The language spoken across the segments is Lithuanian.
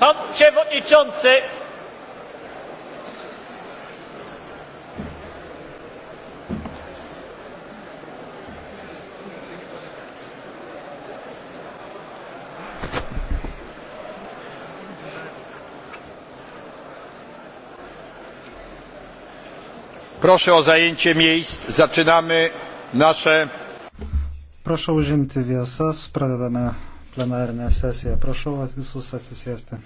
Pan przewodniczący! Proszę o zajęcie miejsc. Zaczynamy nasze. Proszę uziemti viesas, pradedame plenarinę sesiją. Prašau visus atsisėsti.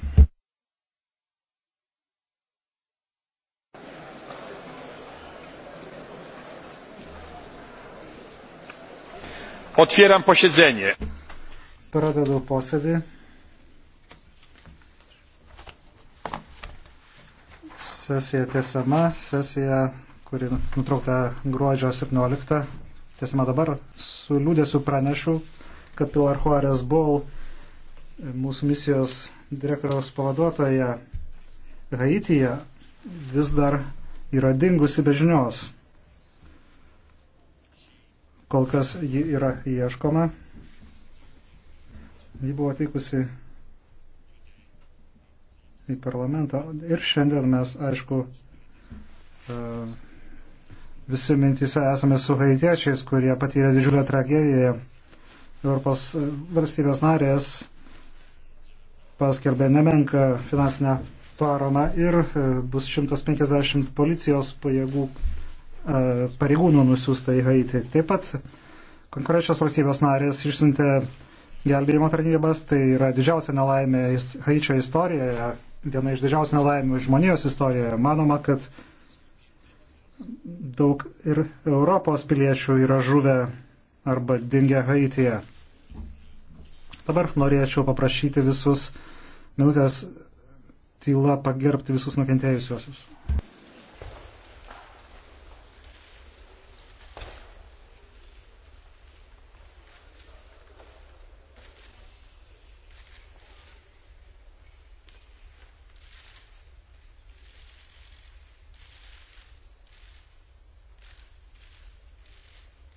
Otwieram posiedzenie. Pradedu posėdį. Sesija tiesama, sesija, kuri nutraukta gruodžio 17, tiesama dabar, su liūdėsiu pranešu, kad Pilar Juarez Bol, mūsų misijos direktoriaus pavaduotoja Haityje, vis dar yra dingusi be žinios. Kol kas ji yra ieškoma. Ji buvo atvykusi į parlamentą. Ir šiandien mes, aišku, e, visi mintys esame su haitiečiais, kurie patyrė didžiulę tragediją Europos valstybės narės paskelbė nemenką finansinę paramą ir e, bus 150 policijos pajėgų e, pareigūnų nusiųsta į Haitį. Taip pat konkurenčios valstybės narės išsiuntė gelbėjimo tarnybas, tai yra didžiausia nelaimė Haičio istorijoje, viena iš didžiausių nelaimių žmonijos istorijoje. Manoma, kad daug ir Europos piliečių yra žuvę arba dingę Haityje. Dabar norėčiau paprašyti visus minutės tyla pagerbti visus nukentėjusiuosius.